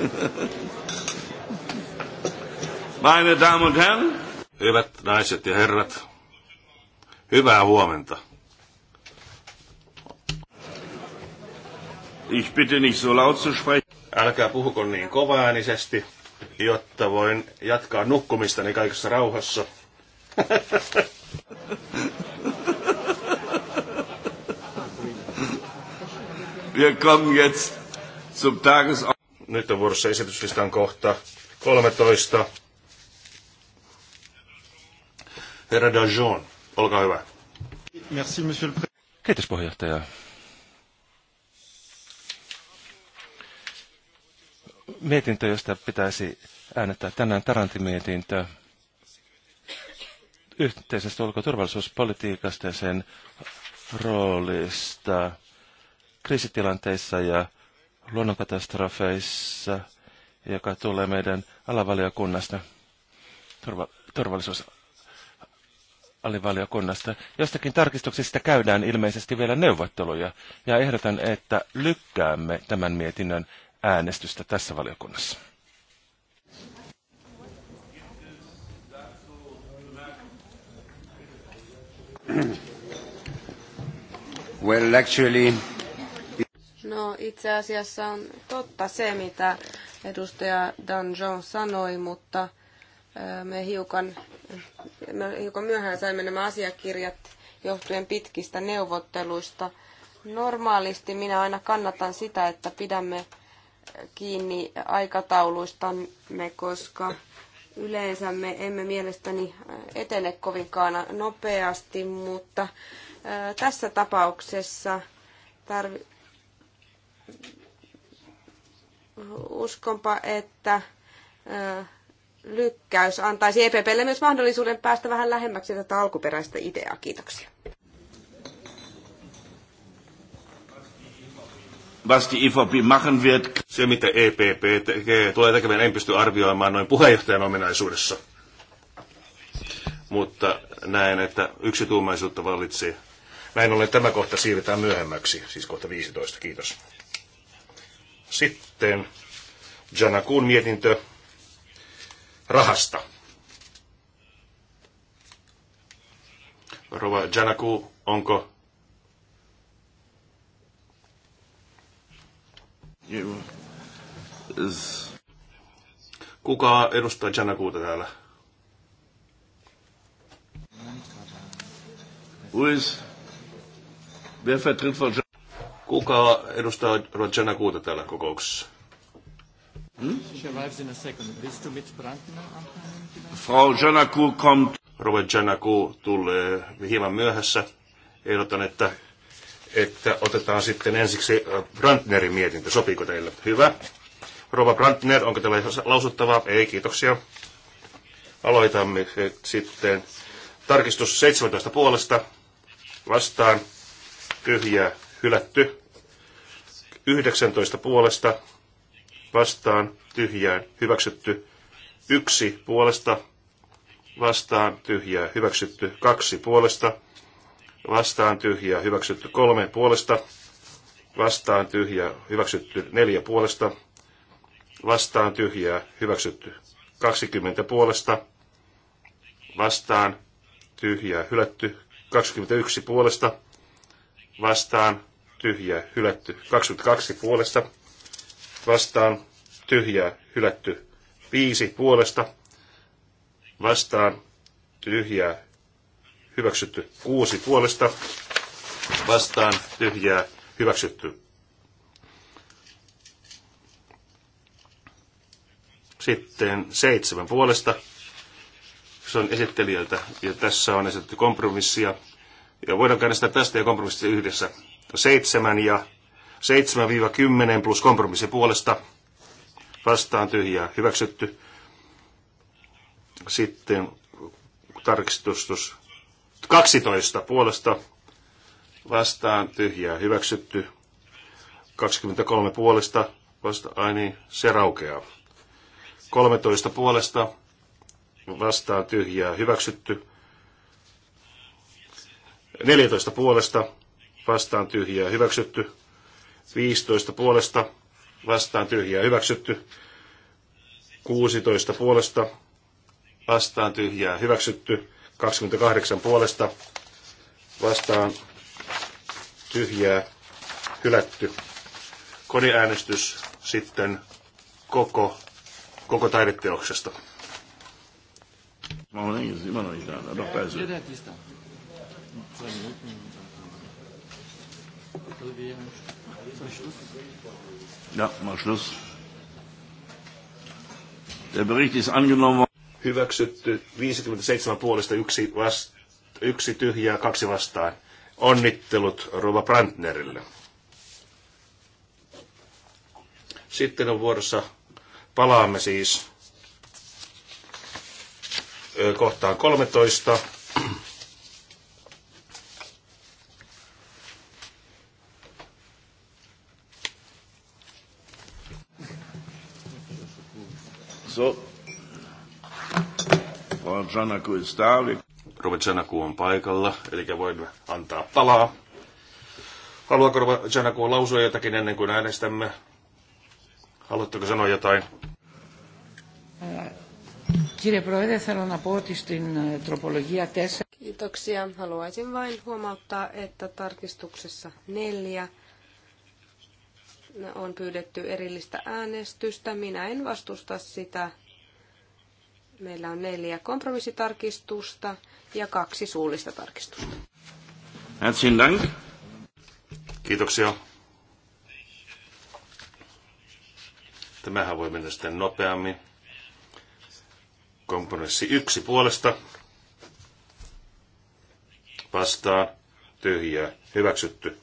Meine Damen und Herren. Hyvät naiset ja herrat, hyvää huomenta. Ich bitte nicht so laut zu sprechen. Älkää puhuko niin kovaäänisesti, jotta voin jatkaa nukkumistani kaikessa rauhassa. Wir kommen jetzt zum Tagesordnungspunkt. Nyt on vuorossa esityslistan kohta 13. Herra Dajon, olkaa hyvä. Merci, monsieur le Kiitos puheenjohtaja. Mietintö, josta pitäisi äänettää tänään Tarantimietintö yhteisestä ulkoturvallisuuspolitiikasta ja sen roolista kriisitilanteissa ja luonnonkatastrofeissa, joka tulee meidän alavaliokunnasta, turva, turvallisuusalivaliokunnasta. Jostakin tarkistuksista käydään ilmeisesti vielä neuvotteluja, ja ehdotan, että lykkäämme tämän mietinnön äänestystä tässä valiokunnassa. Well, actually, itse asiassa on totta se, mitä edustaja Danjon sanoi, mutta me hiukan, me hiukan myöhään saimme nämä asiakirjat johtuen pitkistä neuvotteluista. Normaalisti minä aina kannatan sitä, että pidämme kiinni aikatauluistamme, koska yleensä me emme mielestäni etene kovinkaan nopeasti, mutta tässä tapauksessa tarvitsemme uskonpa, että lykkäys antaisi EPPlle myös mahdollisuuden päästä vähän lähemmäksi tätä alkuperäistä ideaa. Kiitoksia. Was die EVP machen wird. Se, mitä EPP tekee, tulee tekemään, en pysty arvioimaan noin puheenjohtajan ominaisuudessa. Mutta näen, että yksituumaisuutta vallitsee. Näin ollen tämä kohta siirretään myöhemmäksi, siis kohta 15. Kiitos. Sitten Janakuun mietintö rahasta. Rova Janaku, onko Kuka edustaa Janakuuta täällä? Who is? Wer vertritt von Kuka edustaa Rojana Kuuta täällä kokouksessa? Hmm? Frau Janaku kommt. Rova Janaku tulee hieman myöhässä. Ehdotan, että, että otetaan sitten ensiksi äh, Brandnerin mietintö. Sopiiko teille? Hyvä. Rova Brandner, onko teillä lausuttavaa? Ei, kiitoksia. Aloitamme eh, sitten tarkistus 17 puolesta vastaan tyhjää hylätty. 19 puolesta vastaan tyhjään hyväksytty. Yksi puolesta vastaan tyhjää hyväksytty. Kaksi puolesta vastaan tyhjää hyväksytty. Kolme puolesta vastaan tyhjää hyväksytty. Neljä puolesta vastaan tyhjää hyväksytty. 20 puolesta vastaan tyhjää hylätty. 21 puolesta vastaan tyhjää, hylätty. 22 puolesta vastaan, tyhjää, hylätty. 5 puolesta vastaan, tyhjää, hyväksytty. 6 puolesta vastaan, tyhjää, hyväksytty. Sitten seitsemän puolesta. Se on esittelijältä ja tässä on esitetty kompromissia. Ja voidaan käydä sitä tästä ja kompromissista yhdessä 7 ja 7-10 plus kompromissi puolesta vastaan tyhjää hyväksytty. Sitten tarkistus 12 puolesta vastaan tyhjää hyväksytty. 23 puolesta vasta, ai niin, se raukeaa. 13 puolesta vastaan tyhjää hyväksytty. 14 puolesta vastaan tyhjää hyväksytty. 15 puolesta vastaan tyhjää hyväksytty. 16 puolesta vastaan tyhjää hyväksytty. 28 puolesta vastaan tyhjää hylätty. Koneäänestys sitten koko, koko taideteoksesta. Mä olen englanniksi, mä olen mä olen itään, ja, mal Schluss. Der Bericht ist angenommen. Hyväksytty 57 puolesta yksi, vast, yksi tyhjää kaksi vastaan. Onnittelut Rova Brandnerille. Sitten on vuorossa, palaamme siis kohtaan 13. Janaku is on paikalla, eli voimme antaa palaa. Haluaako Robert lausua jotakin ennen kuin äänestämme? Haluatteko sanoa jotain? Κύριε Πρόεδρε, θέλω να πω Kiitoksia. Haluaisin vain huomauttaa, että tarkistuksessa neljä on pyydetty erillistä äänestystä. Minä en vastusta sitä, Meillä on neljä kompromissitarkistusta ja kaksi suullista tarkistusta. Herzlichen Dank. Kiitoksia. Tämähän voi mennä sitten nopeammin. Kompromissi yksi puolesta. Vastaan. Tyhjää. Hyväksytty.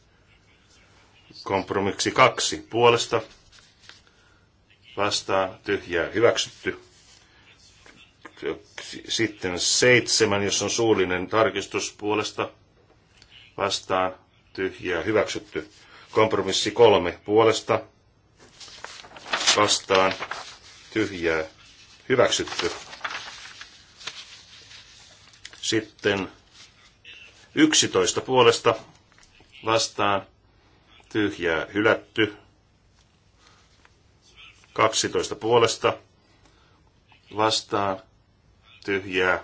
Kompromissi kaksi puolesta. Vastaan. Tyhjää. Hyväksytty sitten seitsemän, jos on suullinen tarkistus puolesta vastaan tyhjää hyväksytty. Kompromissi kolme puolesta vastaan tyhjää hyväksytty. Sitten 11 puolesta vastaan tyhjää hylätty. 12 puolesta vastaan tyhjää.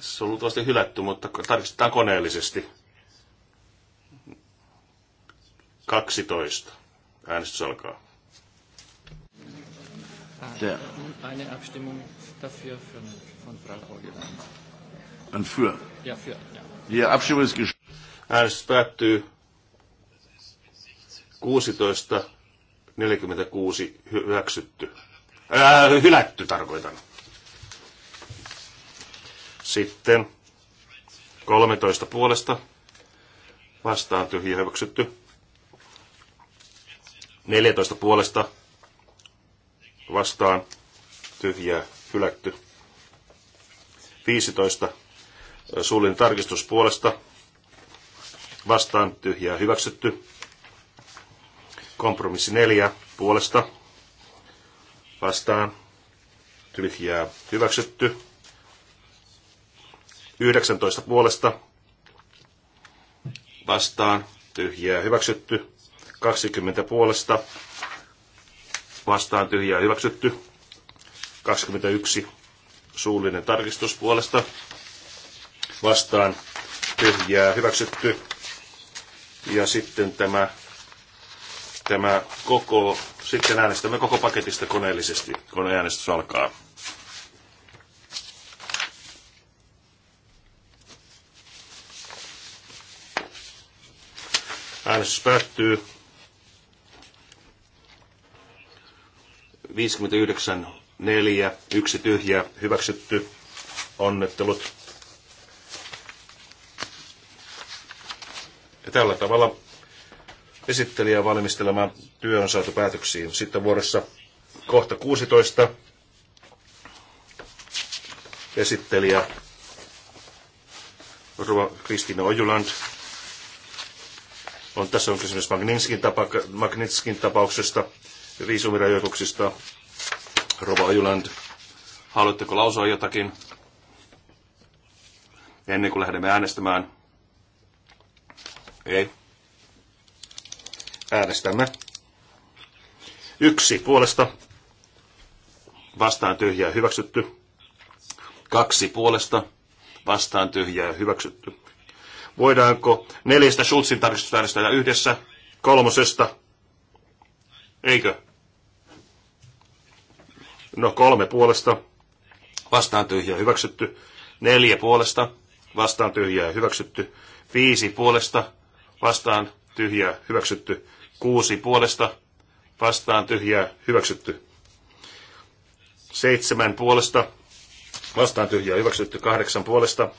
Se on luultavasti hylätty, mutta tarkistetaan koneellisesti. 12. Äänestys alkaa. Der. Eine Abstimmung dafür von Frau Holgeland. An für. Ja, für. Ja. Die Abstimmung ist Äänestys päättyy 16.46 hyväksytty. Ää, äh, hylätty tarkoitan. Sitten 13 puolesta vastaan tyhjä hyväksytty. 14 puolesta vastaan tyhjää hylätty. 15 suullinen tarkistus puolesta vastaan tyhjää hyväksytty. Kompromissi 4 puolesta vastaan tyhjää hyväksytty. 19 puolesta vastaan tyhjää hyväksytty. 20 puolesta vastaan tyhjää hyväksytty. 21 suullinen tarkistus puolesta vastaan tyhjää hyväksytty. Ja sitten tämä, tämä koko, sitten äänestämme koko paketista koneellisesti, kun äänestys alkaa. Äänestys päättyy. 59, 4, yksi tyhjä, hyväksytty. Onnettelut. Ja tällä tavalla esittelijä valmistelema työ on saatu päätöksiin. Sitten vuodessa kohta 16 esittelijä Kristina Ojuland on, tässä on kysymys Magnitskin, tapa, Magnitskin tapauksesta, viisumirajoituksista. Rova Ajuland. haluatteko lausua jotakin ennen kuin lähdemme äänestämään? Ei. Äänestämme. Yksi puolesta. Vastaan tyhjää hyväksytty. Kaksi puolesta. Vastaan tyhjää hyväksytty. Voidaanko neljästä Schulzin tarkistusta äänestää yhdessä? Kolmosesta? Eikö? No kolme puolesta. Vastaan tyhjä hyväksytty. Neljä puolesta. Vastaan tyhjää hyväksytty. Viisi puolesta. Vastaan tyhjää hyväksytty. Kuusi puolesta. Vastaan tyhjää hyväksytty. Seitsemän puolesta. Vastaan tyhjää hyväksytty. Kahdeksan puolesta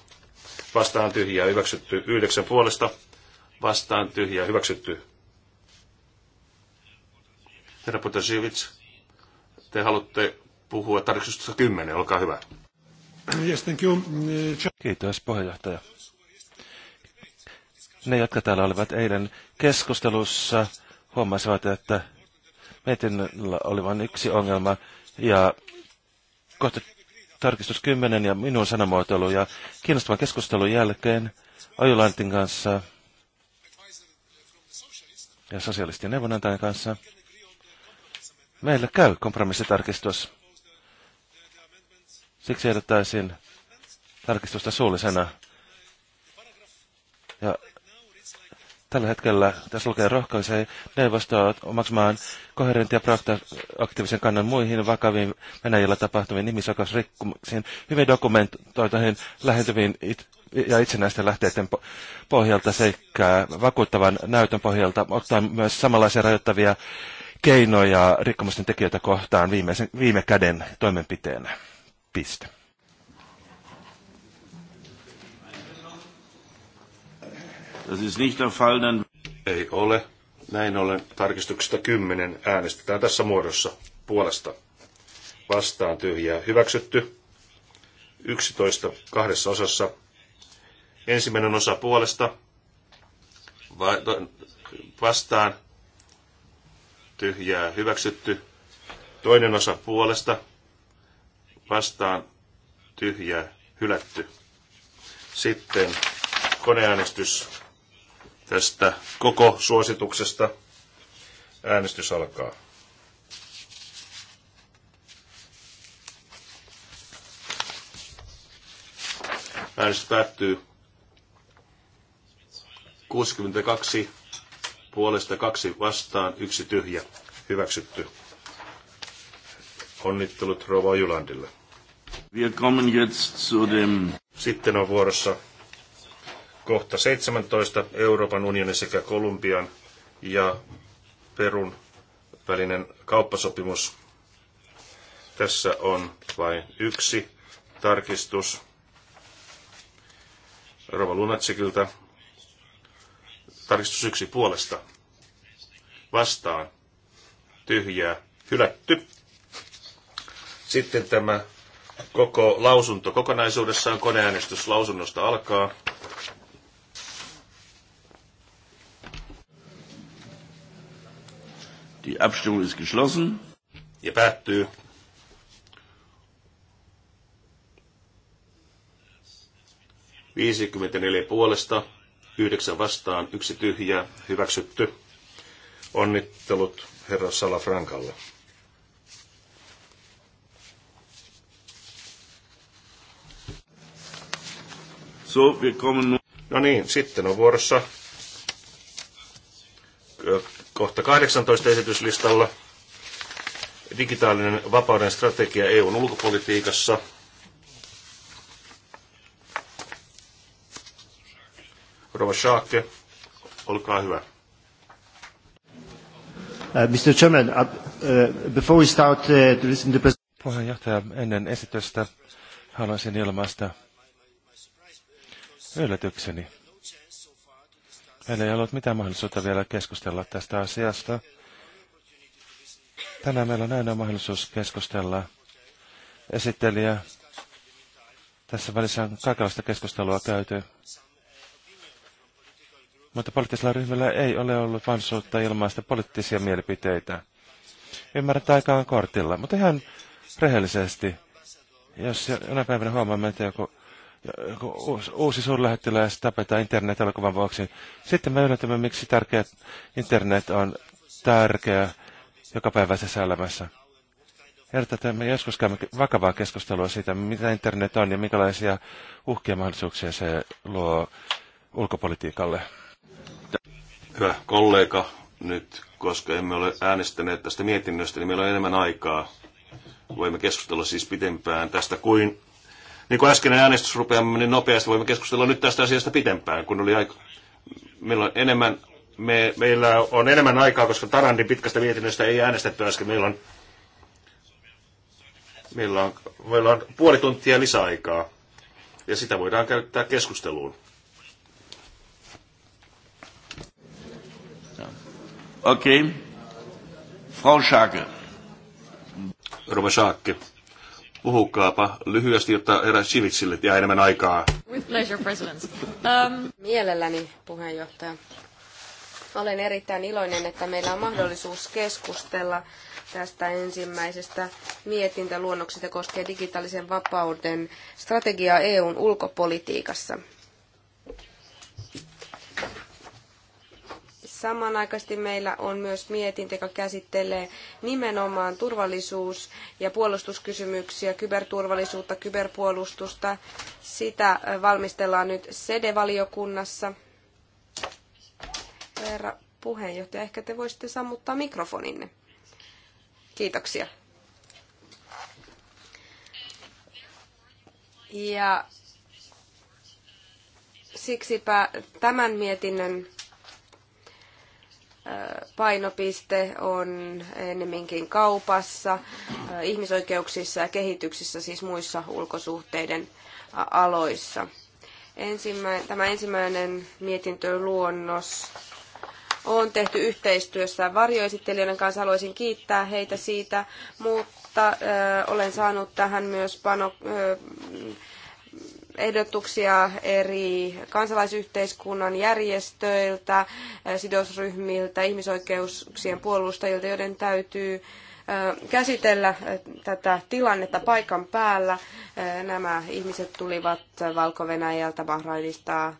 vastaan tyhjää hyväksytty. yhdeksän puolesta vastaan tyhjää hyväksytty. Herra Potasiewicz, te haluatte puhua tarkistusta 10, olkaa hyvä. Yes, thank you. Kiitos puheenjohtaja. Ne, jotka täällä olivat eilen keskustelussa, huomasivat, että meidän oli vain yksi ongelma ja kohta tarkistus 10 ja minun sanamuotoilu. Ja kiinnostavan keskustelun jälkeen Ojulantin kanssa ja sosialistien neuvonantajan kanssa meillä käy kompromissitarkistus. Siksi ehdottaisin tarkistusta suullisena. Ja tällä hetkellä, tässä lukee rohkaisee neuvostoa omaksumaan koherentia proaktiivisen kannan muihin vakaviin Venäjällä tapahtuviin ihmisoikeusrikkomuksiin, hyvin dokumentoituihin lähentyviin it- ja itsenäisten lähteiden po- pohjalta sekä vakuuttavan näytön pohjalta, ottaen myös samanlaisia rajoittavia keinoja rikkomusten tekijöitä kohtaan viimeisen, viime käden toimenpiteenä. Piste. Das ist nicht der Fall, dann... Ei ole. Näin ollen tarkistuksesta 10 äänestetään tässä muodossa puolesta. Vastaan tyhjää hyväksytty. 11 kahdessa osassa. Ensimmäinen osa puolesta. Va- vastaan tyhjää hyväksytty. Toinen osa puolesta. Vastaan tyhjää hylätty. Sitten koneäänestys tästä koko suosituksesta. Äänestys alkaa. Äänestys päättyy 62 puolesta kaksi vastaan, yksi tyhjä. Hyväksytty. Onnittelut Rova Jylandille. Sitten on vuorossa Kohta 17. Euroopan unionin sekä Kolumbian ja Perun välinen kauppasopimus. Tässä on vain yksi tarkistus Rova Lunatsikilta. Tarkistus yksi puolesta. Vastaan. Tyhjää. Hylätty. Sitten tämä koko lausunto kokonaisuudessaan koneäänestys lausunnosta alkaa. Die Abstimmung ist geschlossen. Ja päättyy. puolesta, yhdeksän vastaan, yksi tyhjä, hyväksytty. Onnittelut herra Salafrankalle. So, wir kommen... No niin, sitten on vuorossa Kohta 18 esityslistalla digitaalinen vapauden strategia EUn ulkopolitiikassa. Rova Schaake, olkaa hyvä. Uh, Mr. Chairman, uh, uh, before we start uh, to listen to the Puheenjohtaja, ennen esitystä haluaisin ilmaista yllätykseni Meillä ei ollut mitään mahdollisuutta vielä keskustella tästä asiasta. Tänään meillä on aina mahdollisuus keskustella. Esittelijä. Tässä välissä on kaikenlaista keskustelua käyty. Mutta poliittisella ryhmällä ei ole ollut mahdollisuutta ilmaista poliittisia mielipiteitä. Ymmärrän, että aika on kortilla, mutta ihan rehellisesti. Jos jonain päivänä huomaamme, että joku uusi, uusi suurlähettiläs tapetaan internet-elokuvan vuoksi. Sitten me yllätämme, miksi tärkeä internet on tärkeä jokapäiväisessä elämässä. Herätetään me joskus käymme vakavaa keskustelua siitä, mitä internet on ja minkälaisia uhkia mahdollisuuksia se luo ulkopolitiikalle. Hyvä kollega, nyt koska emme ole äänestäneet tästä mietinnöstä, niin meillä on enemmän aikaa. Voimme keskustella siis pitempään tästä kuin niin kuin äskeinen äänestys rupeaa niin nopeasti, voimme keskustella nyt tästä asiasta pitempään, kun oli aika, on enemmän, me, meillä on enemmän aikaa, koska Tarandin pitkästä mietinnöstä ei äänestetty äsken. Meillä on, meillä on, meillä on puoli tuntia lisäaikaa ja sitä voidaan käyttää keskusteluun. Okei. Okay. Frau Schake. Rova Schake. Puhukaapa lyhyesti, jotta herra Sivitsille jää enemmän aikaa. With pleasure, President. Um... Mielelläni, puheenjohtaja. Olen erittäin iloinen, että meillä on mahdollisuus keskustella tästä ensimmäisestä mietintäluonnoksesta koskee digitaalisen vapauden strategiaa EUn ulkopolitiikassa. Samanaikaisesti meillä on myös mietintö, joka käsittelee nimenomaan turvallisuus- ja puolustuskysymyksiä, kyberturvallisuutta, kyberpuolustusta. Sitä valmistellaan nyt SEDE-valiokunnassa. Herra puheenjohtaja, ehkä te voisitte sammuttaa mikrofoninne. Kiitoksia. Ja siksipä tämän mietinnön painopiste on ennemminkin kaupassa, äh, ihmisoikeuksissa ja kehityksissä, siis muissa ulkosuhteiden aloissa. tämä ensimmäinen mietintöluonnos on tehty yhteistyössä varjoesittelijöiden kanssa. Haluaisin kiittää heitä siitä, mutta äh, olen saanut tähän myös pano, äh, ehdotuksia eri kansalaisyhteiskunnan järjestöiltä, sidosryhmiltä, ihmisoikeuksien puolustajilta, joiden täytyy käsitellä tätä tilannetta paikan päällä. Nämä ihmiset tulivat Valko-Venäjältä, Bahrainista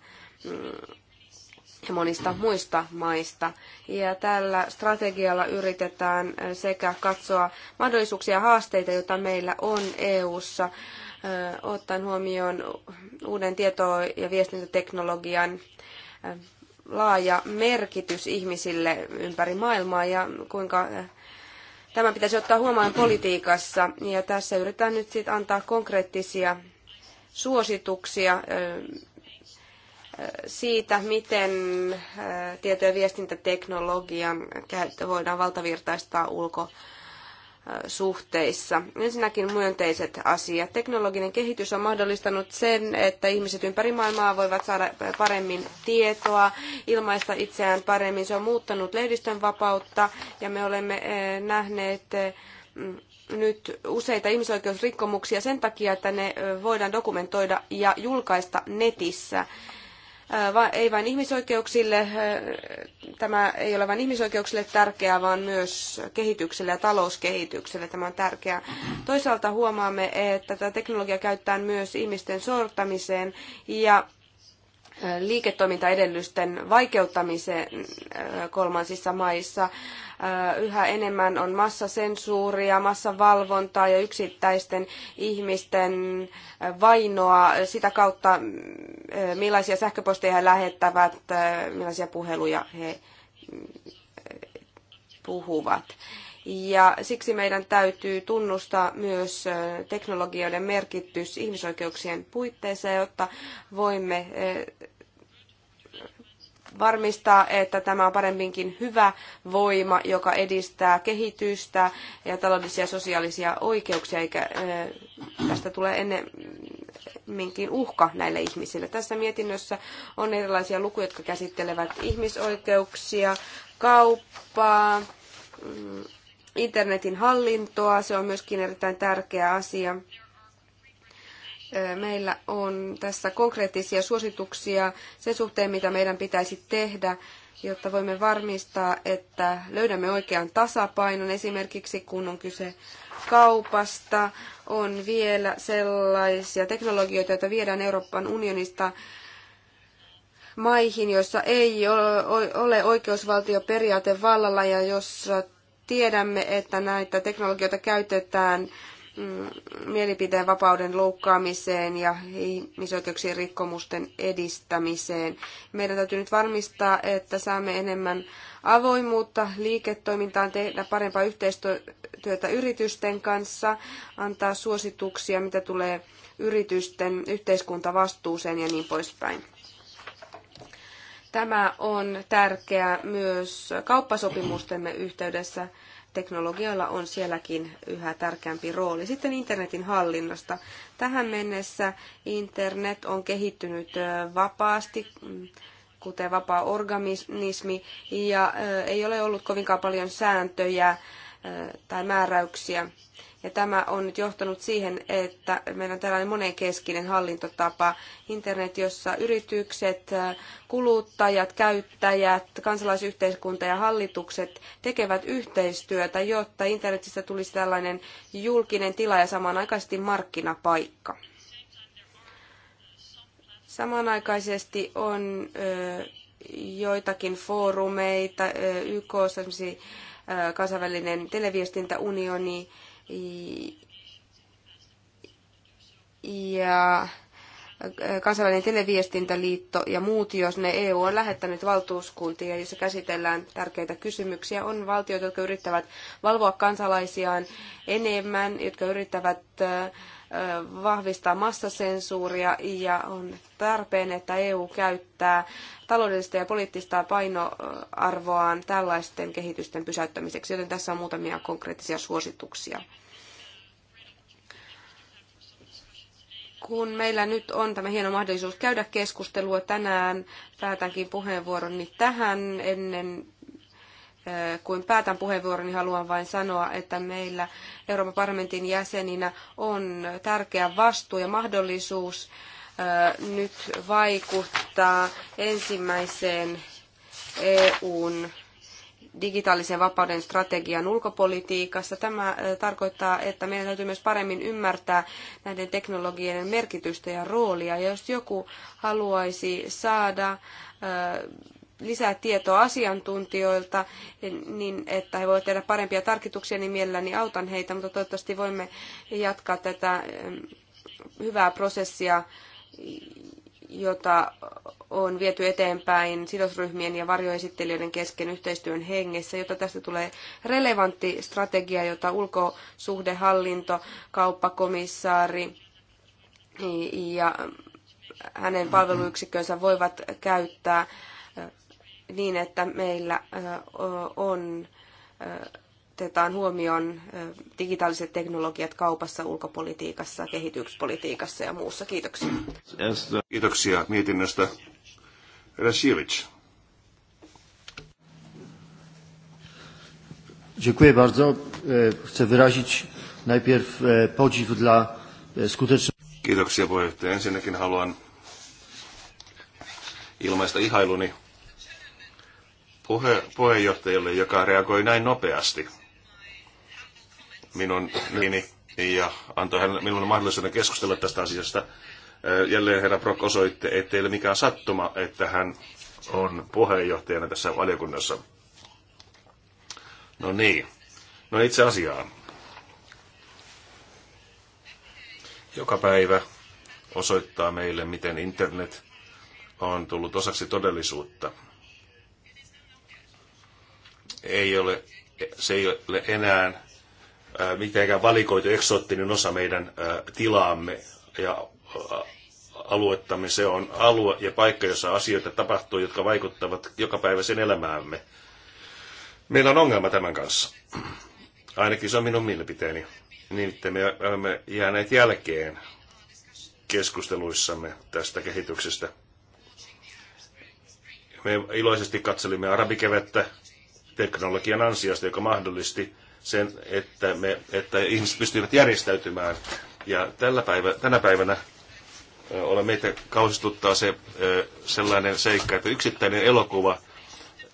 mm, ja monista muista maista. Ja tällä strategialla yritetään sekä katsoa mahdollisuuksia ja haasteita, joita meillä on EU:ssa ottaen huomioon uuden tieto- ja viestintäteknologian laaja merkitys ihmisille ympäri maailmaa ja kuinka tämä pitäisi ottaa huomioon politiikassa. Ja tässä yritetään nyt sitten antaa konkreettisia suosituksia siitä, miten tieto- ja viestintäteknologian käyttö voidaan valtavirtaistaa ulko- suhteissa. Ensinnäkin myönteiset asiat. Teknologinen kehitys on mahdollistanut sen, että ihmiset ympäri maailmaa voivat saada paremmin tietoa, ilmaista itseään paremmin. Se on muuttanut lehdistön vapautta ja me olemme eh, nähneet eh, mm, nyt useita ihmisoikeusrikkomuksia sen takia, että ne eh, voidaan dokumentoida ja julkaista netissä ei vain ihmisoikeuksille, tämä ei ole vain ihmisoikeuksille tärkeää, vaan myös kehitykselle ja talouskehitykselle tämä on tärkeää. Toisaalta huomaamme, että tätä teknologiaa käytetään myös ihmisten sortamiseen ja liiketoimintaedellysten vaikeuttamiseen kolmansissa maissa. Yhä enemmän on massasensuuria, massavalvontaa ja yksittäisten ihmisten vainoa sitä kautta, millaisia sähköposteja he lähettävät, millaisia puheluja he puhuvat. Ja siksi meidän täytyy tunnustaa myös teknologioiden merkitys ihmisoikeuksien puitteissa, jotta voimme varmistaa, että tämä on paremminkin hyvä voima, joka edistää kehitystä ja taloudellisia ja sosiaalisia oikeuksia, eikä tästä tule ennemminkin uhka näille ihmisille. Tässä mietinnössä on erilaisia lukuja, jotka käsittelevät ihmisoikeuksia, kauppaa, mm, internetin hallintoa, se on myöskin erittäin tärkeä asia meillä on tässä konkreettisia suosituksia sen suhteen, mitä meidän pitäisi tehdä, jotta voimme varmistaa, että löydämme oikean tasapainon. Esimerkiksi kun on kyse kaupasta, on vielä sellaisia teknologioita, joita viedään Euroopan unionista maihin, joissa ei ole oikeusvaltioperiaate vallalla ja jossa tiedämme, että näitä teknologioita käytetään Mm, mielipiteen vapauden loukkaamiseen ja ihmisoikeuksien rikkomusten edistämiseen. Meidän täytyy nyt varmistaa, että saamme enemmän avoimuutta liiketoimintaan, tehdä parempaa yhteistyötä yritysten kanssa, antaa suosituksia, mitä tulee yritysten yhteiskuntavastuuseen ja niin poispäin. Tämä on tärkeää myös kauppasopimustemme yhteydessä. Teknologioilla on sielläkin yhä tärkeämpi rooli. Sitten internetin hallinnasta. Tähän mennessä internet on kehittynyt vapaasti mm, kuten vapaa organismi, ja ei ole ollut kovinkaan paljon sääntöjä tai määräyksiä. Ja tämä on nyt johtanut siihen, että meillä on tällainen monenkeskinen hallintotapa. Internet, jossa yritykset, kuluttajat, käyttäjät, kansalaisyhteiskunta ja hallitukset tekevät yhteistyötä, jotta internetistä tulisi tällainen julkinen tila ja samanaikaisesti markkinapaikka. Samanaikaisesti on joitakin foorumeita, YK, kansainvälinen televiestintäunioni, ja kansainvälinen televiestintäliitto ja muut, jos ne EU on lähettänyt valtuuskuntia, jossa käsitellään tärkeitä kysymyksiä. On valtioita, jotka yrittävät valvoa kansalaisiaan enemmän, jotka yrittävät vahvistaa massasensuuria ja on tarpeen, että EU käyttää taloudellista ja poliittista painoarvoaan tällaisten kehitysten pysäyttämiseksi, joten tässä on muutamia konkreettisia suosituksia. kun meillä nyt on tämä hieno mahdollisuus käydä keskustelua tänään, päätänkin puheenvuoroni tähän ennen kuin päätän puheenvuoroni, haluan vain sanoa, että meillä Euroopan parlamentin jäseninä on tärkeä vastuu ja mahdollisuus nyt vaikuttaa ensimmäiseen EUn digitaalisen vapauden strategian ulkopolitiikassa. Tämä tarkoittaa, että meidän täytyy myös paremmin ymmärtää näiden teknologioiden merkitystä ja roolia. Ja jos joku haluaisi saada lisää tietoa asiantuntijoilta, niin että he voivat tehdä parempia tarkituksia, niin mielelläni autan heitä, mutta toivottavasti voimme jatkaa tätä hyvää prosessia, jota on viety eteenpäin sidosryhmien ja varjoesittelijöiden kesken yhteistyön hengessä, jotta tästä tulee relevantti strategia, jota ulkosuhdehallinto, kauppakomissaari ja hänen palveluyksikkönsä voivat käyttää niin, että meillä on otetaan huomioon digitaaliset teknologiat kaupassa, ulkopolitiikassa, kehityspolitiikassa ja muussa. Kiitoksia. Kiitoksia mietinnöstä. Rasiewicz. Dziękuję bardzo. E, chcę wyrazić najpierw e, podziw dla e, skutecznych Kiitoksia puheenjohtaja. Ensinnäkin haluan ilmaista ihailuni puhe, puheenjohtajalle, joka reagoi näin nopeasti minun nimi ja antoi hän, minulle mahdollisuuden keskustella tästä asiasta. Äh, jälleen herra Brock osoitti, ettei ole mikään sattuma, että hän on puheenjohtajana tässä valiokunnassa. No niin. No itse asiaan. Joka päivä osoittaa meille, miten internet on tullut osaksi todellisuutta – ei ole, se ei ole enää mitenkään valikoitu eksoottinen osa meidän tilaamme ja aluettamme. Se on alue ja paikka, jossa asioita tapahtuu, jotka vaikuttavat joka päivä sen elämäämme. Meillä on ongelma tämän kanssa. Ainakin se on minun mielipiteeni. Niin, että me olemme jääneet jälkeen keskusteluissamme tästä kehityksestä. Me iloisesti katselimme arabikevettä teknologian ansiosta, joka mahdollisti sen, että, me, että ihmiset pystyivät järjestäytymään. Ja tällä päivä, tänä päivänä ole meitä kausistuttaa se sellainen seikka, että yksittäinen elokuva,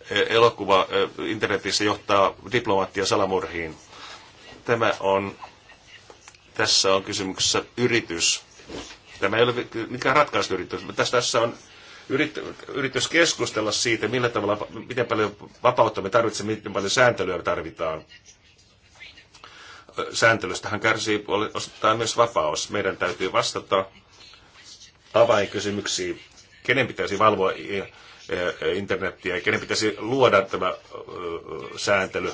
elokuva internetissä johtaa diplomaattia salamurhiin. Tämä on, tässä on kysymyksessä yritys. Tämä ei ole mikään ratkaisuyritys, mutta tässä, tässä on yrittäisi keskustella siitä, millä tavalla, miten paljon vapautta me tarvitsemme, miten paljon sääntelyä tarvitaan. Sääntelystähän kärsii osittain myös vapaus. Meidän täytyy vastata avainkysymyksiin. Kenen pitäisi valvoa e, e, internettiä ja kenen pitäisi luoda tämä sääntely.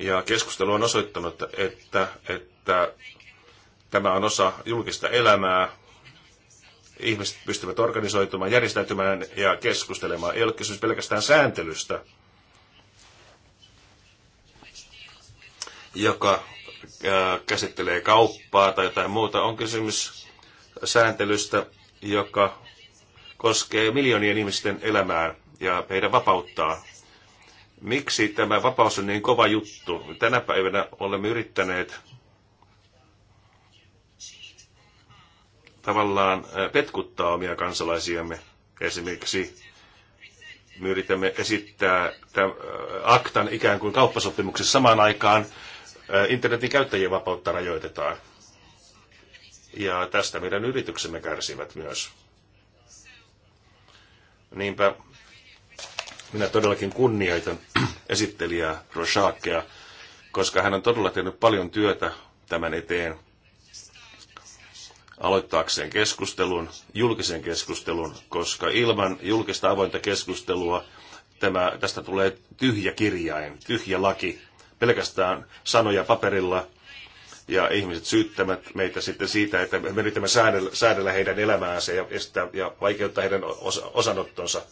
Ja keskustelu on osoittanut, että, että tämä on osa julkista elämää, ihmiset pystyvät organisoitumaan, järjestäytymään ja keskustelemaan. Ei ole kysymys pelkästään sääntelystä, joka käsittelee kauppaa tai jotain muuta. On kysymys sääntelystä, joka koskee miljoonien ihmisten elämää ja heidän vapauttaa. Miksi tämä vapaus on niin kova juttu? Tänä päivänä olemme yrittäneet tavallaan petkuttaa omia kansalaisiamme. Esimerkiksi me yritämme esittää tämän aktan ikään kuin kauppasopimuksessa samaan aikaan internetin käyttäjien vapautta rajoitetaan. Ja tästä meidän yrityksemme kärsivät myös. Niinpä minä todellakin kunnioitan esittelijää Rochakea, koska hän on todella tehnyt paljon työtä tämän eteen aloittaakseen keskustelun, julkisen keskustelun, koska ilman julkista avointa keskustelua tämä, tästä tulee tyhjä kirjain, tyhjä laki, pelkästään sanoja paperilla ja ihmiset syyttämät meitä sitten siitä, että me yritämme säädellä, säädellä heidän elämäänsä ja, estää, ja vaikeuttaa heidän osa, osanottonsa.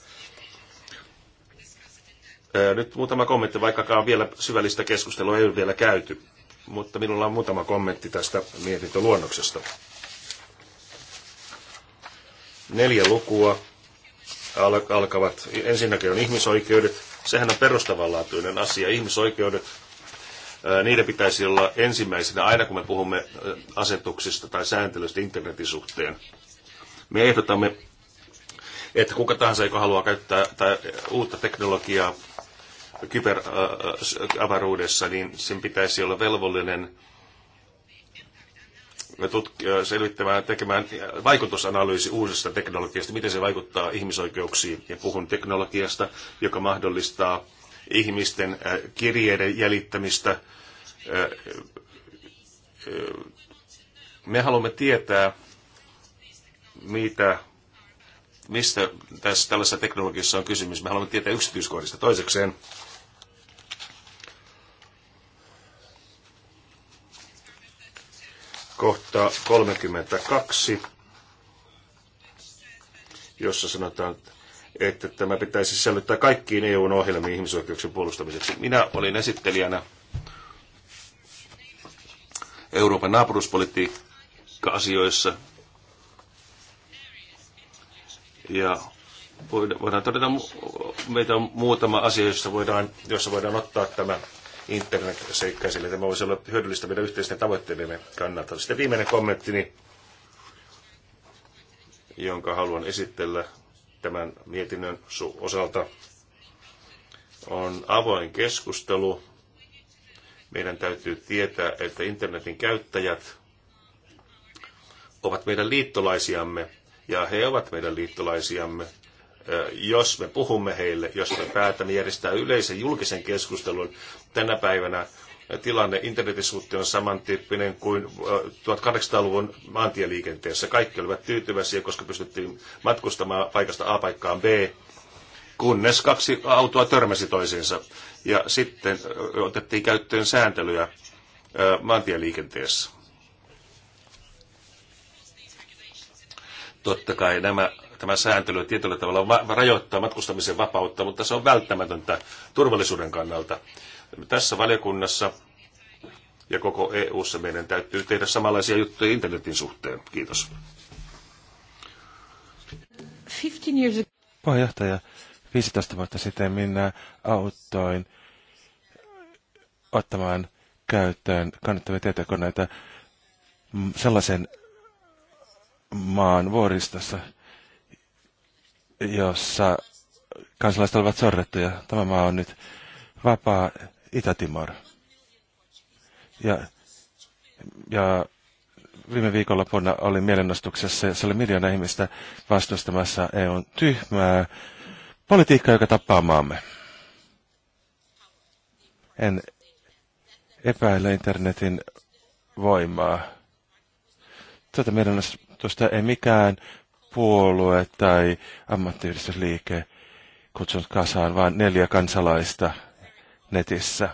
Nyt muutama kommentti, vaikkakaan vielä syvällistä keskustelua ei ole vielä käyty, mutta minulla on muutama kommentti tästä mietintöluonnoksesta. luonnoksesta. Neljä lukua alkavat. Ensinnäkin on ihmisoikeudet. Sehän on perustavanlaatuinen asia. Ihmisoikeudet, niiden pitäisi olla ensimmäisenä aina kun me puhumme asetuksista tai sääntelystä internetin suhteen. Me ehdotamme, että kuka tahansa, joka haluaa käyttää tai uutta teknologiaa kyberavaruudessa, niin sen pitäisi olla velvollinen tutk- selvittämään, tekemään vaikutusanalyysi uusista teknologiasta, miten se vaikuttaa ihmisoikeuksiin. Ja puhun teknologiasta, joka mahdollistaa ihmisten kirjeiden jäljittämistä. Me haluamme tietää, mitä, mistä tässä tällaisessa teknologiassa on kysymys. Me haluamme tietää yksityiskohdista. Toisekseen kohta 32, jossa sanotaan, että tämä pitäisi sisällyttää kaikkiin EUn ohjelmiin ihmisoikeuksien puolustamiseksi. Minä olin esittelijänä Euroopan naapuruspolitiikka-asioissa. Ja voidaan todeta, meitä on muutama asia, jossa voidaan, jossa voidaan ottaa tämä Internet internet-seikkaisille. Tämä voisi olla hyödyllistä meidän yhteisten tavoitteidemme kannalta. Sitten viimeinen kommenttini, jonka haluan esitellä tämän mietinnön osalta, on avoin keskustelu. Meidän täytyy tietää, että internetin käyttäjät ovat meidän liittolaisiamme ja he ovat meidän liittolaisiamme jos me puhumme heille, jos me päätämme järjestää yleisen julkisen keskustelun tänä päivänä, tilanne internetin suhteen on samantyyppinen kuin 1800-luvun maantieliikenteessä. Kaikki olivat tyytyväisiä, koska pystyttiin matkustamaan paikasta A paikkaan B, kunnes kaksi autoa törmäsi toisiinsa. Ja sitten otettiin käyttöön sääntelyä maantieliikenteessä. Totta kai nämä tämä sääntely tietyllä tavalla rajoittaa matkustamisen vapautta, mutta se on välttämätöntä turvallisuuden kannalta. Tässä valiokunnassa ja koko EU:ssa meidän täytyy tehdä samanlaisia juttuja internetin suhteen. Kiitos. 15 Puheenjohtaja, 15 vuotta sitten minä auttoin ottamaan käyttöön kannattavia tietokoneita sellaisen maan vuoristossa, jossa kansalaiset olivat sorrettuja. Tämä maa on nyt vapaa Itä-Timor. Ja, ja viime viikonloppuna oli mielenostuksessa, jossa oli miljoona ihmistä vastustamassa EUn tyhmää politiikkaa, joka tappaa maamme. En epäile internetin voimaa. Tätä mielenostusta ei mikään puolue tai ammattiyhdistysliike kutsunut kasaan vain neljä kansalaista netissä.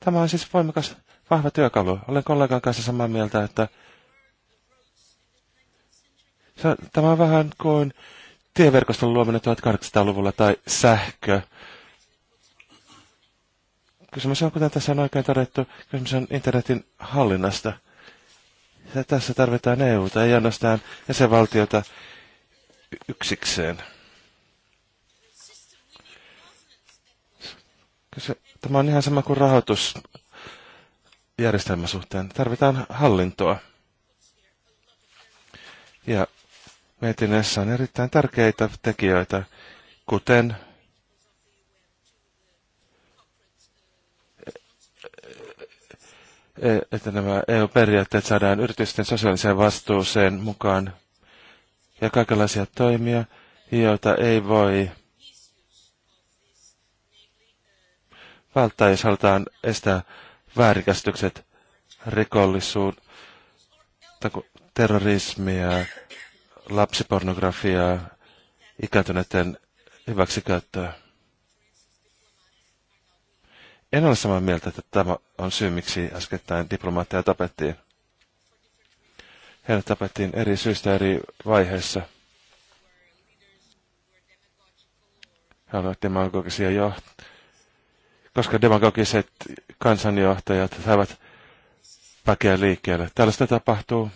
Tämä on siis voimakas, vahva työkalu. Olen kollegan kanssa samaa mieltä, että tämä on vähän kuin tieverkoston luominen 1800-luvulla tai sähkö. Kysymys on, kuten tässä on oikein todettu, kysymys on internetin hallinnasta. Ja tässä tarvitaan EUta, ei ainoastaan jäsenvaltiota, yksikseen. Tämä on ihan sama kuin rahoitusjärjestelmän suhteen. Tarvitaan hallintoa. Ja mietinnässä on erittäin tärkeitä tekijöitä, kuten e- e- että nämä EU-periaatteet saadaan yritysten sosiaaliseen vastuuseen mukaan ja kaikenlaisia toimia, joita ei voi välttää, jos halutaan estää väärikästykset, rikollisuutta, terrorismia, lapsipornografiaa, ikääntyneiden hyväksikäyttöä. En ole samaa mieltä, että tämä on syy, miksi äskettäin diplomaatteja tapettiin. Heidät tapettiin eri syistä eri vaiheissa. He olivat demagogisia johtajia, koska demagogiset kansanjohtajat saivat väkeä liikkeelle. Tällaista tapahtuu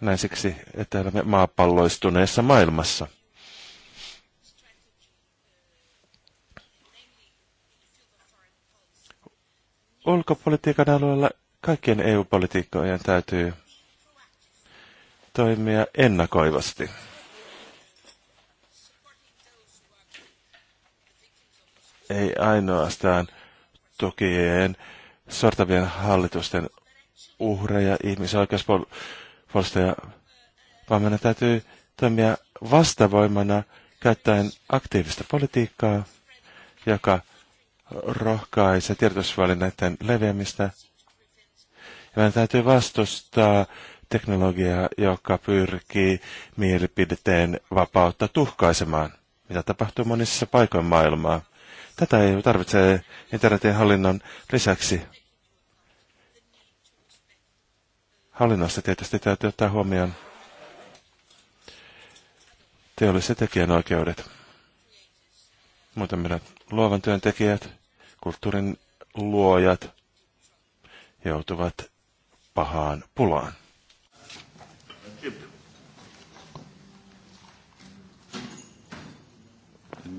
näin siksi, että olemme maapalloistuneessa maailmassa. Ulkopolitiikan alueella kaikkien EU-politiikkojen täytyy toimia ennakoivasti. Ei ainoastaan tukien sortavien hallitusten uhreja, ihmisoikeuspuolusta ja vaan meidän täytyy toimia vastavoimana käyttäen aktiivista politiikkaa, joka rohkaisee tiedotusvälineiden leviämistä. Ja meidän täytyy vastustaa Teknologia, joka pyrkii mielipiteen vapautta tuhkaisemaan, mitä tapahtuu monissa paikoin maailmaa. Tätä ei tarvitse internetin hallinnon lisäksi. Hallinnossa tietysti täytyy ottaa huomioon teolliset tekijänoikeudet. Muuten meidän luovan työntekijät, kulttuurin luojat joutuvat pahaan pulaan.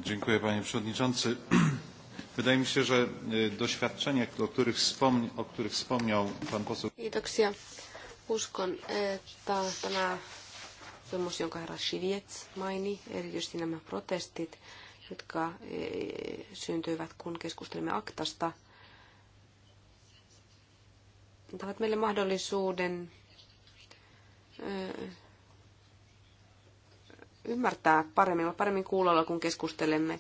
Dziękuję panie przewodniczący. Wydaje mi się, że e, doświadczenia, o których, o których wspomniał pan poseł... Kiitoksia. Uskon, että tämä sopimus, jonka herra maini, erityisesti nämä protestit, jotka e, syntyivät, kun keskustelimme aktasta, antavat meille mahdollisuuden ymmärtää paremmin, olla paremmin kuulolla, kun keskustelemme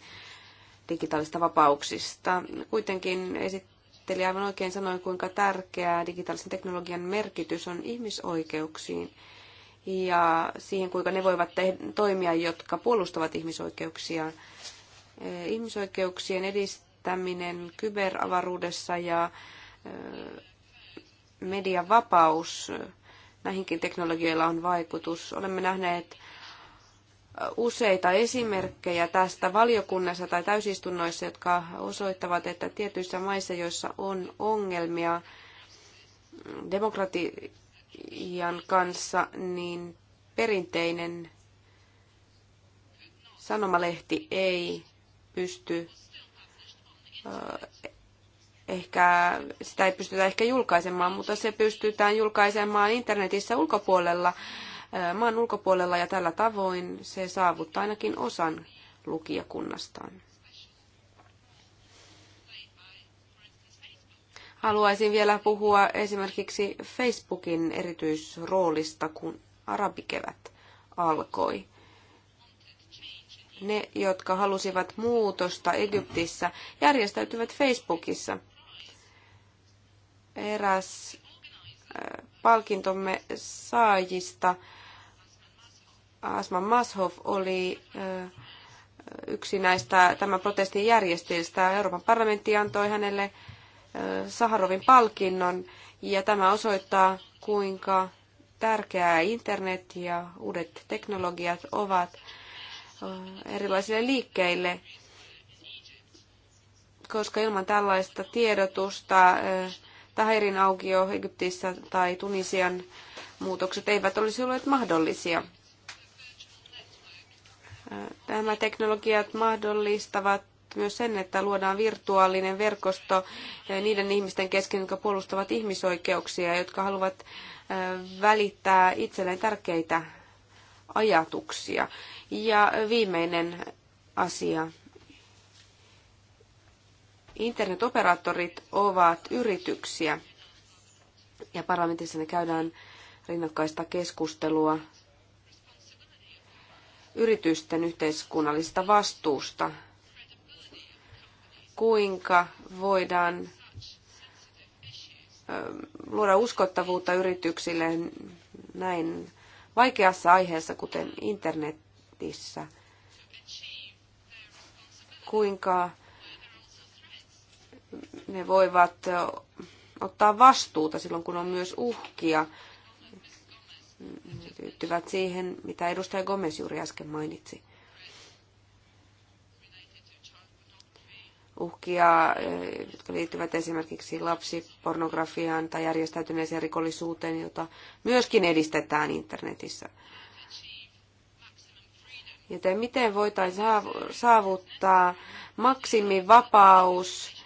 digitaalista vapauksista. Kuitenkin esitteli aivan oikein sanoi, kuinka tärkeää digitaalisen teknologian merkitys on ihmisoikeuksiin ja siihen, kuinka ne voivat te- toimia, jotka puolustavat ihmisoikeuksia. E, ihmisoikeuksien edistäminen kyberavaruudessa ja e, median vapaus, näihinkin teknologioilla on vaikutus. Olemme nähneet useita esimerkkejä tästä valiokunnassa tai täysistunnoissa, jotka osoittavat, että tietyissä maissa, joissa on ongelmia demokratian kanssa, niin perinteinen sanomalehti ei pysty ehkä, sitä ei pystytä ehkä julkaisemaan, mutta se pystytään julkaisemaan internetissä ulkopuolella maan ulkopuolella ja tällä tavoin se saavuttaa ainakin osan lukijakunnastaan. Haluaisin vielä puhua esimerkiksi Facebookin erityisroolista, kun arabikevät alkoi. Ne, jotka halusivat muutosta Egyptissä, järjestäytyvät Facebookissa. Eräs palkintomme saajista Asman Mashoff oli äh, yksi näistä tämän protestin järjestäjistä. Euroopan parlamentti antoi hänelle äh, Saharovin palkinnon ja tämä osoittaa, kuinka tärkeää internet ja uudet teknologiat ovat äh, erilaisille liikkeille, koska ilman tällaista tiedotusta Tahirin aukio Egyptissä tai Tunisian muutokset eivät olisi olleet mahdollisia. Tämä teknologiat mahdollistavat myös sen, että luodaan virtuaalinen verkosto eh, niiden ihmisten kesken, jotka puolustavat ihmisoikeuksia, jotka haluavat eh, välittää itselleen tärkeitä ajatuksia. Ja viimeinen asia. Internetoperaattorit ovat yrityksiä ja parlamentissa ne käydään rinnakkaista keskustelua yritysten yhteiskunnallisesta vastuusta. Kuinka voidaan luoda uskottavuutta yrityksille näin vaikeassa aiheessa, kuten internetissä? Kuinka ne voivat ottaa vastuuta silloin, kun on myös uhkia liittyvät siihen, mitä edustaja Gomez juuri äsken mainitsi. Uhkia, eh, jotka liittyvät esimerkiksi lapsipornografiaan tai järjestäytyneeseen rikollisuuteen, jota myöskin edistetään internetissä. Joten miten voitaisiin saavuttaa maksimivapaus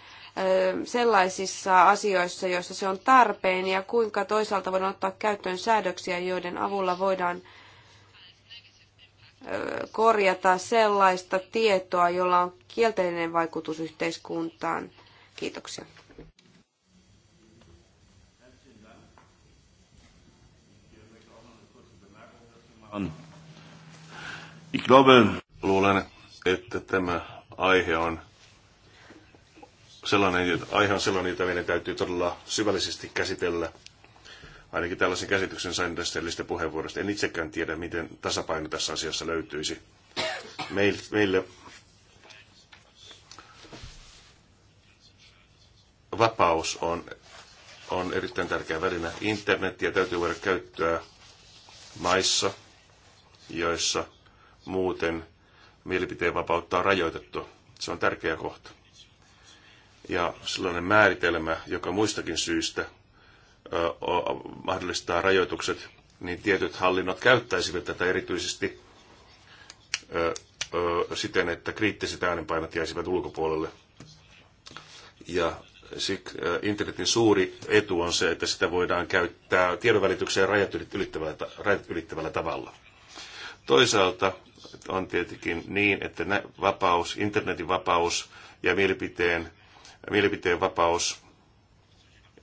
sellaisissa asioissa, joissa se on tarpeen ja kuinka toisaalta voidaan ottaa käyttöön säädöksiä, joiden avulla voidaan korjata sellaista tietoa, jolla on kielteinen vaikutus yhteiskuntaan. Kiitoksia. luulen, että tämä aihe on sellainen, aihe on sellainen, jota meidän täytyy todella syvällisesti käsitellä. Ainakin tällaisen käsityksen sain tästä edellisestä puheenvuorosta. En itsekään tiedä, miten tasapaino tässä asiassa löytyisi. Meille vapaus on, on erittäin tärkeä väline. Internetiä täytyy voida käyttää maissa, joissa muuten vapautta on rajoitettu. Se on tärkeä kohta ja sellainen määritelmä, joka muistakin syistä mahdollistaa rajoitukset, niin tietyt hallinnot käyttäisivät tätä erityisesti siten, että kriittiset äänenpainot jäisivät ulkopuolelle. Ja internetin suuri etu on se, että sitä voidaan käyttää tiedonvälitykseen rajat ylittävällä, rajat ylittävällä tavalla. Toisaalta on tietenkin niin, että vapaus, internetin vapaus ja mielipiteen mielipiteen vapaus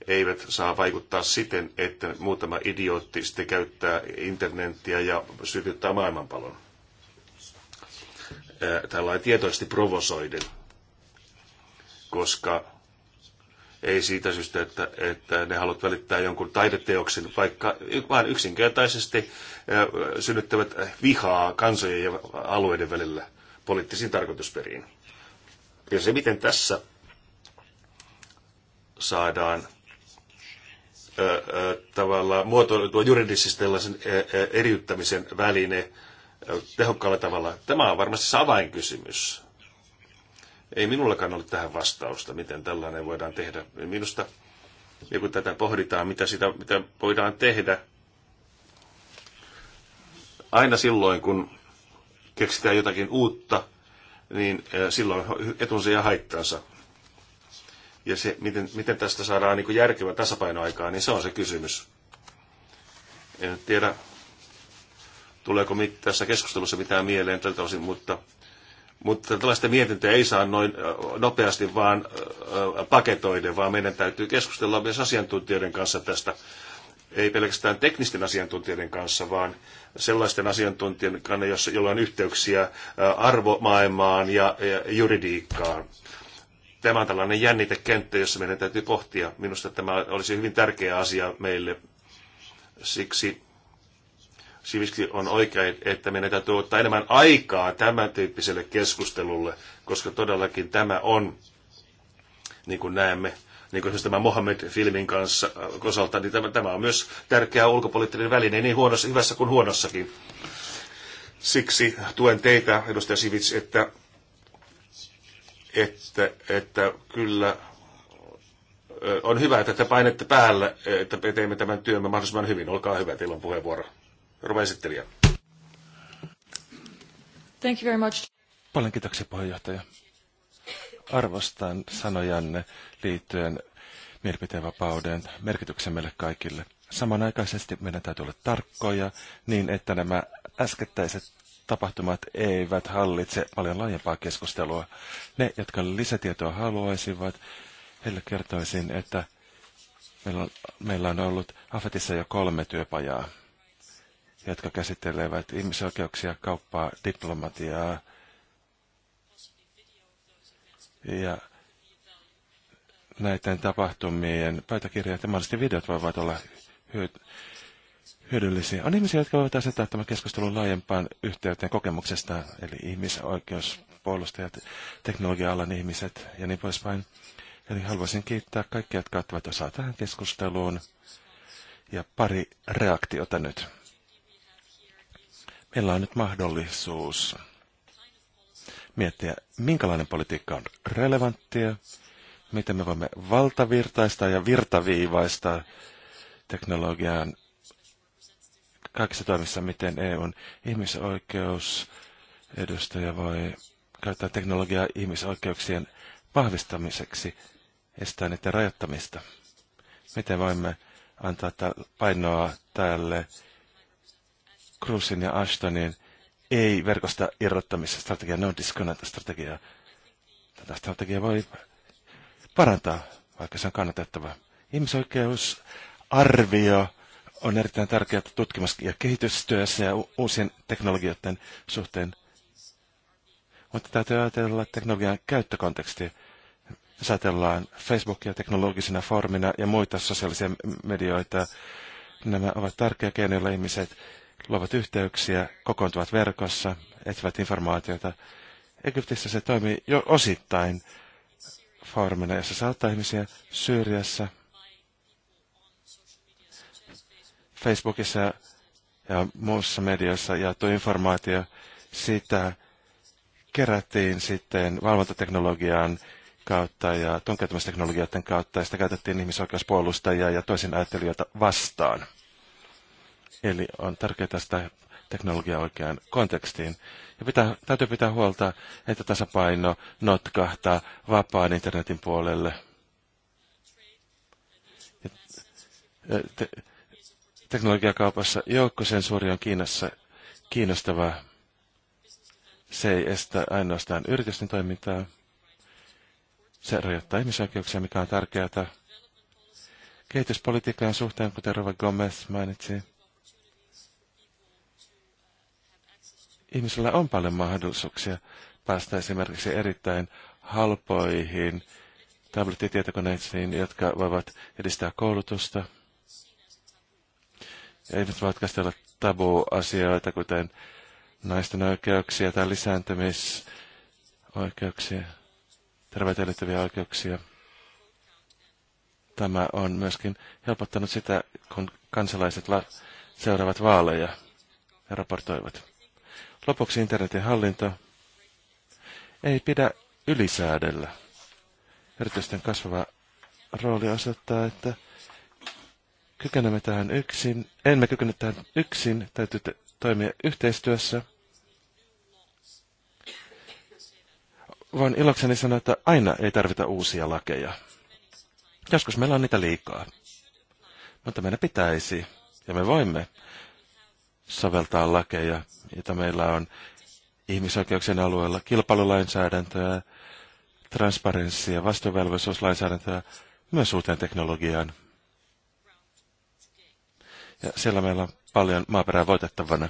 eivät saa vaikuttaa siten, että muutama idiootti sitten käyttää internettiä ja sytyttää maailmanpalon. Tällainen tietoisesti provosoiden, koska ei siitä syystä, että, että ne haluat välittää jonkun taideteoksen, vaikka vaan yksinkertaisesti synnyttävät vihaa kansojen ja alueiden välillä poliittisiin tarkoitusperiin. Ja se, miten tässä saadaan tavallaan muotoiltua juridisesti tällaisen eriyttämisen väline tehokkaalla tavalla. Tämä on varmasti se avainkysymys. Ei minullakaan ole tähän vastausta, miten tällainen voidaan tehdä. Minusta, kun tätä pohditaan, mitä, sitä, mitä voidaan tehdä, aina silloin, kun keksitään jotakin uutta, niin silloin etunsa ja haittansa ja se, miten, miten tästä saadaan niin järkevä tasapaino aikaa, niin se on se kysymys. En tiedä, tuleeko mit, tässä keskustelussa mitään mieleen tältä osin, mutta, mutta tällaista mietintöä ei saa noin nopeasti vaan paketoiden, vaan meidän täytyy keskustella myös asiantuntijoiden kanssa tästä. Ei pelkästään teknisten asiantuntijoiden kanssa, vaan sellaisten asiantuntijoiden kanssa, joilla on yhteyksiä arvomaailmaan ja juridiikkaan Tämä on tällainen jännitekenttä, jossa meidän täytyy pohtia. Minusta tämä olisi hyvin tärkeä asia meille. Siksi Siviski on oikein, että meidän täytyy ottaa enemmän aikaa tämän tyyppiselle keskustelulle, koska todellakin tämä on, niin kuin näemme, niin kuin tämä Mohammed-filmin kanssa äh, osalta, niin tämä, tämä on myös tärkeä ulkopoliittinen väline, niin huonossa, hyvässä kuin huonossakin. Siksi tuen teitä, edustaja Sivits, että että, että kyllä on hyvä, että te painette päällä, että teemme tämän työmme mahdollisimman hyvin. Olkaa hyvä, teillä on puheenvuoro. Ruva esittelijä. Thank you very much. Paljon kiitoksia puheenjohtaja. Arvostan sanojanne liittyen mielipiteenvapauden merkityksen meille kaikille. Samanaikaisesti meidän täytyy olla tarkkoja niin, että nämä äskettäiset tapahtumat eivät hallitse paljon laajempaa keskustelua. Ne, jotka lisätietoa haluaisivat, heille kertoisin, että meillä on, meillä on ollut Afetissa jo kolme työpajaa, jotka käsittelevät ihmisoikeuksia, kauppaa, diplomatiaa ja näiden tapahtumien pöytäkirjat ja mahdollisesti videot voivat olla hyödyllisiä hyödyllisiä. On ihmisiä, jotka voivat asettaa tämän keskustelun laajempaan yhteyteen kokemuksesta, eli ihmisoikeuspuolustajat, teknologia-alan ihmiset ja niin poispäin. Eli haluaisin kiittää kaikkia, jotka ottavat osaa tähän keskusteluun. Ja pari reaktiota nyt. Meillä on nyt mahdollisuus miettiä, minkälainen politiikka on relevanttia, miten me voimme valtavirtaista ja virtaviivaista teknologian kaikissa toimissa, miten EUn ihmisoikeusedustaja voi käyttää teknologiaa ihmisoikeuksien vahvistamiseksi, estää niiden rajoittamista. Miten voimme antaa painoa tälle Cruisin ja Ashtonin ei-verkosta irrottamisen strategia, no disconnect strategia. Tätä strategiaa voi parantaa, vaikka se on kannatettava. Ihmisoikeusarvio on erittäin tärkeää tutkimus- ja kehitystyössä ja uusien teknologioiden suhteen. Mutta täytyy ajatella teknologian käyttökontekstia. Jos ajatellaan Facebookia teknologisena formina ja muita sosiaalisia medioita, nämä ovat tärkeä keinoilla ihmiset luovat yhteyksiä, kokoontuvat verkossa, etsivät informaatiota. Egyptissä se toimii jo osittain formina jossa saattaa ihmisiä Syyriassa – Facebookissa ja muussa mediassa jaettu informaatio. Sitä kerättiin sitten valvontateknologiaan kautta ja tunkeutumisteknologioiden kautta, ja sitä käytettiin ihmisoikeuspuolustajia ja toisin ajattelijoita vastaan. Eli on tärkeää sitä teknologiaa oikeaan kontekstiin. Ja pitää, täytyy pitää huolta, että tasapaino notkahtaa vapaan internetin puolelle. Ja te, teknologiakaupassa joukkosensuuri on Kiinassa kiinnostavaa. Se ei estä ainoastaan yritysten toimintaa. Se rajoittaa ihmisoikeuksia, mikä on tärkeää. Kehityspolitiikan suhteen, kuten Rova Gomez mainitsi, ihmisillä on paljon mahdollisuuksia päästä esimerkiksi erittäin halpoihin tablettitietokoneisiin, jotka voivat edistää koulutusta – ja ihmiset voivat käsitellä tabu-asioita, kuten naisten oikeuksia tai lisääntymisoikeuksia, terveyteen liittyviä oikeuksia. Tämä on myöskin helpottanut sitä, kun kansalaiset seuraavat vaaleja ja raportoivat. Lopuksi internetin hallinto ei pidä ylisäädellä. Yritysten kasvava rooli osoittaa, että kykenemme tähän yksin, emme kykene tähän yksin, täytyy te- toimia yhteistyössä. Voin ilokseni sanoa, että aina ei tarvita uusia lakeja. Joskus meillä on niitä liikaa. Mutta meidän pitäisi, ja me voimme, soveltaa lakeja, joita meillä on ihmisoikeuksien alueella, kilpailulainsäädäntöä, transparenssia, vastuuvelvollisuuslainsäädäntöä, myös uuteen teknologiaan, ja siellä meillä on paljon maaperää voitettavana.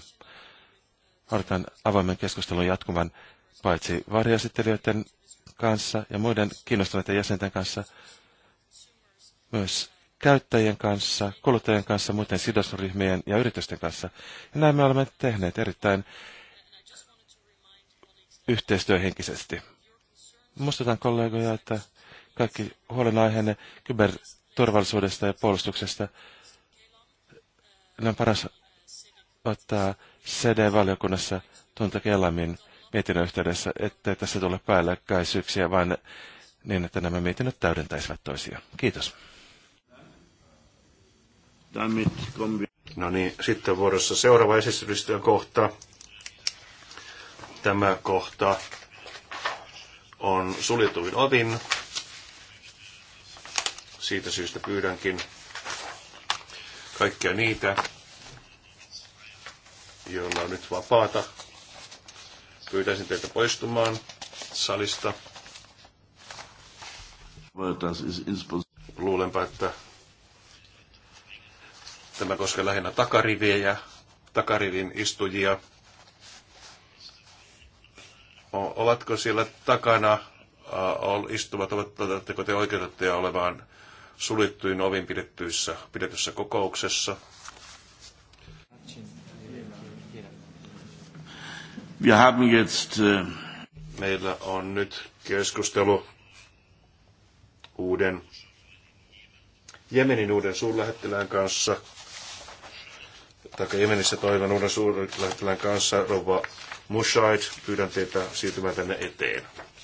Odotan avoimen keskustelun jatkuvan paitsi varjoesittelijöiden kanssa ja muiden kiinnostuneiden jäsenten kanssa, myös käyttäjien kanssa, kuluttajien kanssa, muiden sidosryhmien ja yritysten kanssa. Ja näin me olemme tehneet erittäin yhteistyöhenkisesti. Muistutan kollegoja, että kaikki huolenaiheenne kyberturvallisuudesta ja puolustuksesta – on paras ottaa CD-valiokunnassa Tunta kellammin mietinnön yhteydessä, ettei tässä tule päällekkäisyyksiä, vaan niin, että nämä mietinnöt täydentäisivät toisiaan. Kiitos. No niin, sitten vuorossa seuraava esitystyön kohta. Tämä kohta on suljetuin ovin. Siitä syystä pyydänkin kaikkia niitä, joilla on nyt vapaata. Pyytäisin teitä poistumaan salista. Luulenpa, että tämä koskee lähinnä takariviä ja takarivin istujia. Ovatko siellä takana istuvat, oletteko te oikeutettuja olemaan suljettuin ovin pidettyissä, pidetyssä kokouksessa. Wir haben jetzt, uh, Meillä on nyt keskustelu uuden Jemenin uuden suurlähettilään kanssa, tai Jemenissä toivon uuden suurlähettilään kanssa, rouva Mushaid, pyydän teitä siirtymään tänne eteen.